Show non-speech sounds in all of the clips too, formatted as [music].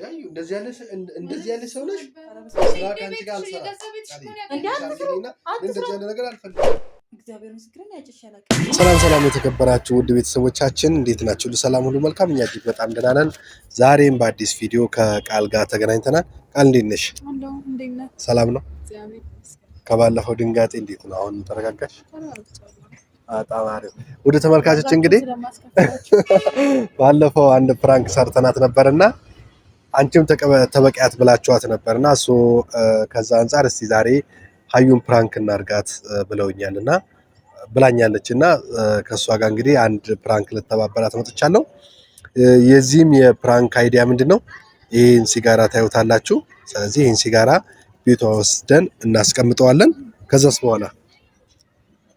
እንደዚህ ያለ ሰው ነሽ። ስራ ከአንቺ ጋር አልሰራም። ሰላም ሰላም፣ የተከበራችሁ ውድ ቤተሰቦቻችን እንዴት ናችሁ? ሰላም ሁሉ መልካም፣ እኛ እጅግ በጣም ደህና ነን። ዛሬም በአዲስ ቪዲዮ ከቃል ጋር ተገናኝተናል። ቃል እንዴት ነሽ? ሰላም ነው። ከባለፈው ድንጋጤ እንዴት ነው? አሁን ተረጋጋሽ? በጣም ወደ ተመልካቾች እንግዲህ [laughs] ባለፈው አንድ ፕራንክ ሰርተናት ነበርና አንቺም ተበቂያት ብላችኋት ነበርና እሱ ከዛ አንጻር እስቲ ዛሬ ሀዩን ፕራንክ እናርጋት ብለውኛልና ብላኛለች እና ከእሷ ጋር እንግዲህ አንድ ፕራንክ ልተባበራት መጥቻለሁ። የዚህም የፕራንክ አይዲያ ምንድን ነው? ይህን ሲጋራ ታዩታላችሁ። ስለዚህ ይህን ሲጋራ ቤቷ ወስደን እናስቀምጠዋለን። ከዛስ በኋላ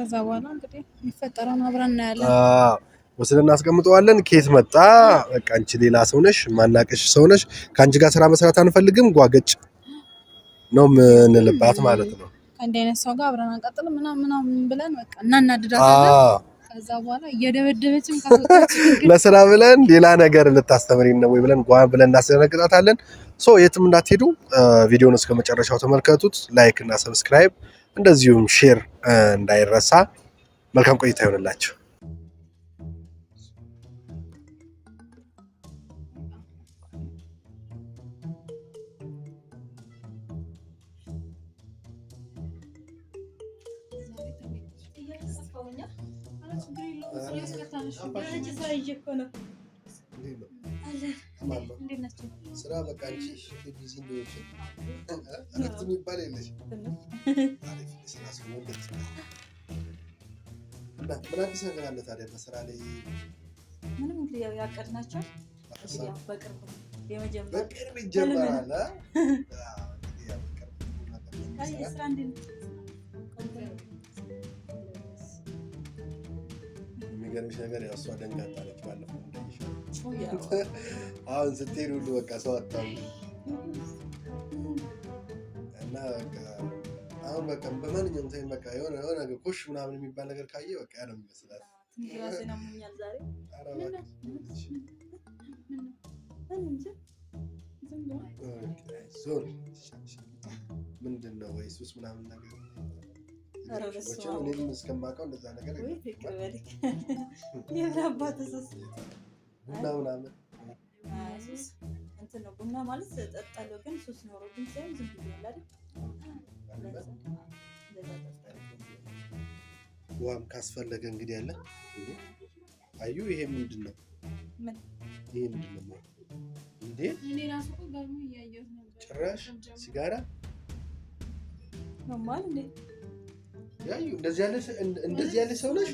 ከዛ በኋላ እንግዲህ የሚፈጠረውን አብረን እናያለን። ወስደን እናስቀምጠዋለን። ኬት መጣ በቃ አንቺ ሌላ ሰው ነሽ፣ ማናቀሽ ሰው ነሽ፣ ከአንቺ ጋር ስራ መስራት አንፈልግም፣ ጓገጭ ነው ምንልባት ማለት ነው። ከእንዲህ አይነት ሰው ጋር አብረን አንቀጥልም ምናምን ምናምን ብለን በቃ እናናድዳታለን። ከዛ በኋላ እየደበደበችም ለስራ ብለን ሌላ ነገር ልታስተምሪ ነው ወይ ብለን ጓን ብለን እናስደነግጣታለን። ሶ የትም እንዳትሄዱ ቪዲዮን እስከ መጨረሻው ተመልከቱት። ላይክ እና ሰብስክራይብ እንደዚሁም ሼር እንዳይረሳ። መልካም ቆይታ ይሆንላችሁ። ስራ በቃ አንቺ ቢዚ እረፍት የሚባል የለሽ። ስራ ምን አዲስ ነገር አለ ታዲያ በስራ ላይ? ምንም እንግዲህ ያው ያቀድናቸው በቅርብ በቅርብ ይጀመራል። የሚገርምሽ ነገር ያው እሷ ደንጋጣለች ባለፈው [laughs] አሁን ስትሄድ ሁሉ በቃ ሰው አታሉ እና በቃ አሁን በቃ በማንኛውም ታይም በቃ የሆነ የሆነ ኮሽ ምናምን የሚባል ነገር ካየ በቃ ያለም ይመስላል። የሚመስላት። ምንድን ነው ወይ ሱስ ምናምን ነገር እኔም እስከማውቀው እንደዛ ነገር ቡና ምናምን እንትን ነው። ቡና ማለት ጠጣለሁ፣ ግን ሱስ ኖሮ ግን ሳይሆን ዝም ብዬ ያለ ውሃም ካስፈለገ እንግዲህ ያለ አዩ። ይሄ ምንድን ነው? ይሄ ምንድን ነው እንዴ? ጭራሽ ሲጋራ ኖርማል እንዴ? ያዩ እንደዚህ ያለ ሰው ነሽ?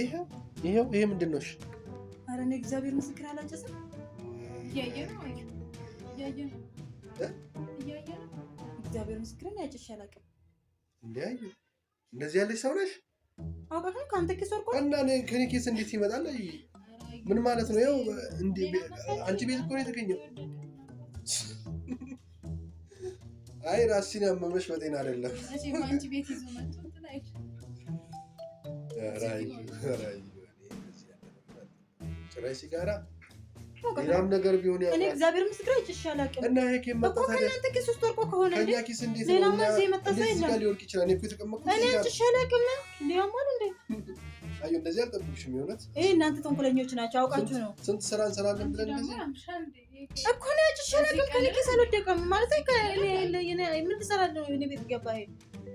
ይሄው ይሄው ይሄ ምንድን ነው? እሺ ኧረ እኔ እግዚአብሔር ምስክር አላጨስም። እያየህ ነው እያየህ እግዚአብሔር ምስክር ነው። ያጨሽ አላውቅም። እንዲያዩ እንደዚህ ያለች ሰው ነሽ? አውቀሽ ነው ከአንተ ኪስ ወርቆ እና ከኔ ኪስ እንዴት ይመጣል? ምን ማለት ነው? ያው አንቺ ቤት እኮ ነው የተገኘው። አይ ራስሽን ያመመሽ በጤና አይደለም። ጭራሽ ሲጋራ ሌላም ነገር ቢሆን እኔ እግዚአብሔር ምስክር ጭሼ አላውቅም። እና ከእናንተ ኪስ ውስጥ ወርቆ ከሆነ ሌላማ እዚህ የመጣ ሰው የለም። እኔ ጭሼ አላውቅም። እንዲያማል እንዴ አዩ እንደዚህ አልጠብቅሽም። የሆነት ይህ እናንተ ተንኮለኞች ናቸው፣ አውቃችሁ ነው። ስንት ስራ እንሰራለን ብለን እኮ ነው ጭሼ አላውቅም። ከእኔ ኪስ አልወደቀም ማለት ምን ትሰራለህ? እኔ ቤት ገባ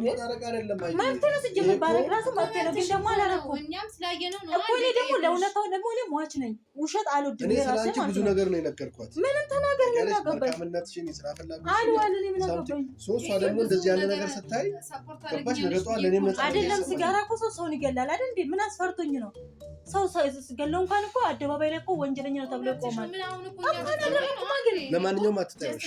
መብት ነው ስጀምር ባረግ ራሱ መብት ነው። ግን ደግሞ አላረኩም እኮ እኔ ደግሞ ለእውነታው ደግሞ እኔ ሟች ነኝ። ውሸት አልወድም። ብዙ ነገር ነው የነገርኳት። ምንም ተናገር አይደለም ሲጋራ እኮ ሰው ሰውን ይገላል አይደል እንዴ? ምን አስፈርቶኝ ነው? ሰው ገለው እንኳን እኮ አደባባይ ላይ እኮ ወንጀለኛ ነው ተብሎ ይቆማል። ለማንኛውም አትታዩሽ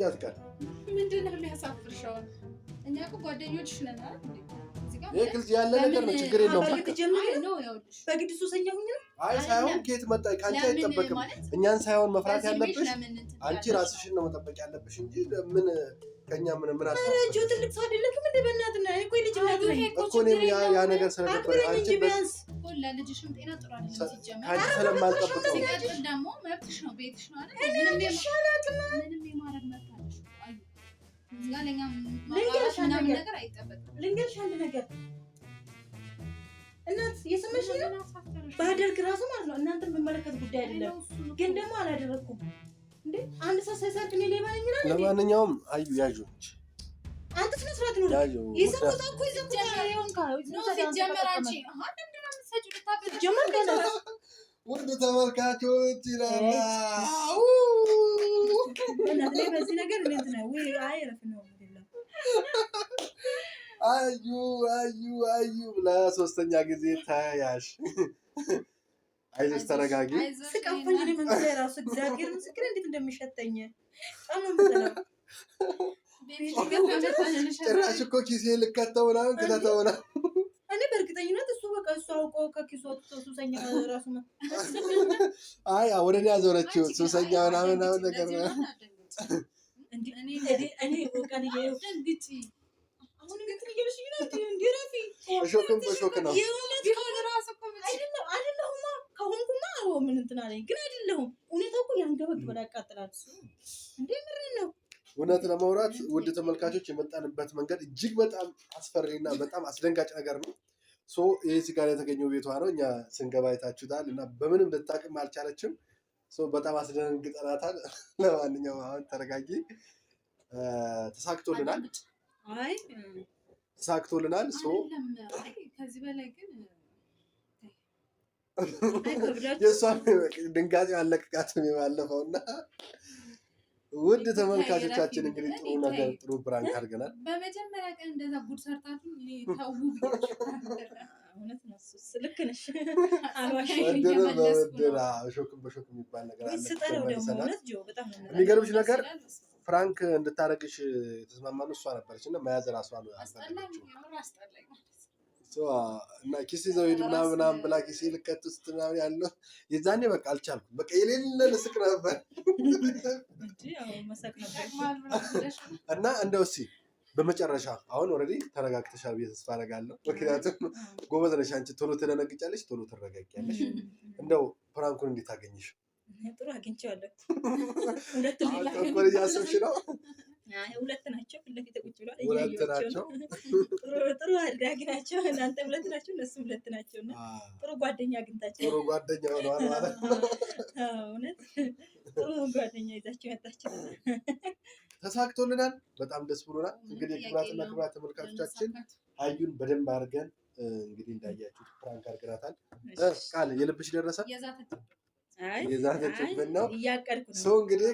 ሳትሄጂ አትቀርም። ነው ግልጽ ያለ ነገር ነው። ችግር የለውም። በግድ ሱሰኛ ነው። አይ ሳይሆን ከየት መጣ? ከአንቺ አይጠበቅም። እኛን ሳይሆን መፍራት ያለብሽ አንቺ ራስሽን ነው መጠበቅ ያለብሽ እንጂ ምን ከኛ ምን ምን ትልቅ ሰው እኮ ልጅ ነው እኮ ነው ያ ያ ነገር አንቺ ቢያንስ ልጅሽም ጤና ጥሩ አይደለም ነው ቤትሽ ነው አይደል ምንም ምንም ለኛ ነገር ልንገርሽ አንድ ነገር እናት የሰማሽ ነው ባደርግ ራሱ ማለት ነው እናንተን በመለከት ጉዳይ አይደለም ግን ደግሞ አላደረኩም ለማንኛውም አዩ ያዥ አንተ ስነ ስርዓት ነው ውድ ተመልካቾች አዩ አዩ አዩ ብላ ሶስተኛ ጊዜ ታያሽ አይዞሽ ተረጋጊ። ስቀፈኝ ምንዛ የራሱ እግዚአብሔር ምስክር እንዴት እንደሚሸተኝ ጭራሽ እኮ ኪሴ ልከተው ምናምን ክተተው ነው። እኔ በእርግጠኝነት እሱ በቃ እሱ አውቆ ከኪሱ ሱሰኛ ራሱ አይ ወደ እኔ ያዞረችው ሱሰኛ ምናምን ምናምን ነገር ነው። እሾክም በሾክ ነው ከሆንኩማ ምን እንትን አለኝ፣ ግን አይደለሁም። እውነታው እኮ ያንገበግበል፣ ያቃጥላል። እንዴ ምሬ ነው። እውነት ለማውራት ውድ ተመልካቾች፣ የመጣንበት መንገድ እጅግ በጣም አስፈሪና በጣም አስደንጋጭ ነገር ነው። ይህ እዚህ ጋር የተገኘው ቤቷ ነው። እኛ ስንገባ አይታችሁታል። እና በምንም ልታቅም አልቻለችም። በጣም አስደንግጠናታል። [laughs] ለማንኛውም አሁን ተረጋጊ። ተሳክቶልናል፣ ተሳክቶልናል። ከዚህ በላይ ግን የእሷን ድንጋጤ አለቅቃትም የባለፈው እና ውድ ተመልካቾቻችን እንግዲህ ጥሩ ነገር ጥሩ ብራንክ አድርገናል። በመጀመሪያ ቀን እንደዛ ጉድ ሰርታችሁ ሾክም የሚባል ነገር የሚገርምሽ ነገር ፍራንክ እንድታረግሽ የተስማማነው እሷ ነበረች እና መያዝ ራሷ ነው እና ኪስ ይዘው ሂድ ምናምን ብላ ኪስ ልከት ውስጥ ምናምን ያለው የዛኔ በቃ አልቻልኩም። በቃ የሌለ ልስቅ ነበር እና እንደው እስኪ በመጨረሻ አሁን ኦልሬዲ ተረጋግተሻል ብዬ ተስፋ አደርጋለሁ። ምክንያቱም ጎበዝ ነሽ አንቺ፣ ቶሎ ትደነግጫለሽ፣ ቶሎ ትረጋጊያለሽ። እንደው ፕራንኩን እንዴት አገኘሽ? ጥሩ አግኝቼዋለሁ። ሁለት ሌላ እያሰብሽ ነው ሁለት ናቸው። ፊት ለፊት ቁጭ ብሏል። ሁለት ናቸው። [laughs] ጥሩ አድራጊ ናቸው። እናንተ ሁለት ናቸው፣ እነሱ ሁለት ናቸው እና ጥሩ ጓደኛ አግኝታቸው ጥሩ ጓደኛ ሆነዋል ማለት ነው። እውነት ጥሩ ጓደኛ ይዛቸው ያጣቸው [laughs] ተሳክቶልናል። በጣም ደስ ብሎናል። እንግዲህ ክብራትና ክብራት ተመልካቾቻችን አዩን በደንብ አድርገን እንግዲህ እንዳያችሁት ፕራንክ አድርገናታል። ቃል የልብሽ ደረሰ የዛተችብን ነው። ሰው እንግዲህ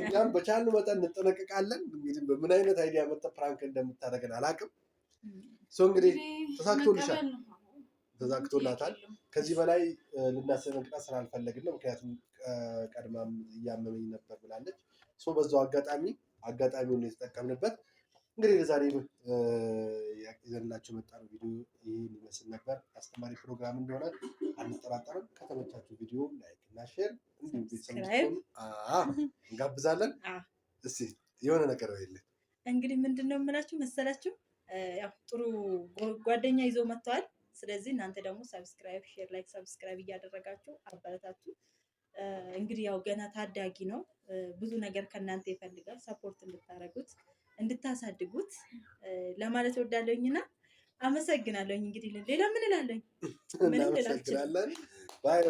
እኛም በቻልን መጠን እንጠነቀቃለን። እንግዲህ በምን አይነት አይዲያ መጠ ፕራንክ እንደምታደርገን አላውቅም። ሰው እንግዲህ ተሳክቶልሻል፣ ተሳክቶላታል። ከዚህ በላይ ልናስመቅጣት ስላልፈለግን ነው። ምክንያቱም ቀድማም እያመመኝ ነበር ብላለች። ሰው በዛው አጋጣሚ አጋጣሚውን የተጠቀምንበት እንግዲህ ለዛሬ ይዘንላችሁ የመጣነው ቪዲዮ ይህን ይመስል ነበር። አስተማሪ ፕሮግራም እንደሆነ አንጠራጠርም። ከተመቻችሁ ቪዲዮ ላይክ እና ሼር እንዲሁም ቤተሰብ እንጋብዛለን። እስቲ የሆነ ነገር የለ እንግዲህ ምንድን ነው የምላችሁ መሰላችሁ ያው ጥሩ ጓደኛ ይዞ መጥተዋል። ስለዚህ እናንተ ደግሞ ሰብስክራይብ፣ ሼር፣ ላይክ ሰብስክራይብ እያደረጋችሁ አበረታችሁ። እንግዲህ ያው ገና ታዳጊ ነው፣ ብዙ ነገር ከእናንተ ይፈልጋል። ሰፖርት እንድታደርጉት እንድታሳድጉት ለማለት ወዳለኝና አመሰግናለሁኝ። እንግዲህ ሌላ ምን እላለኝ? ባይ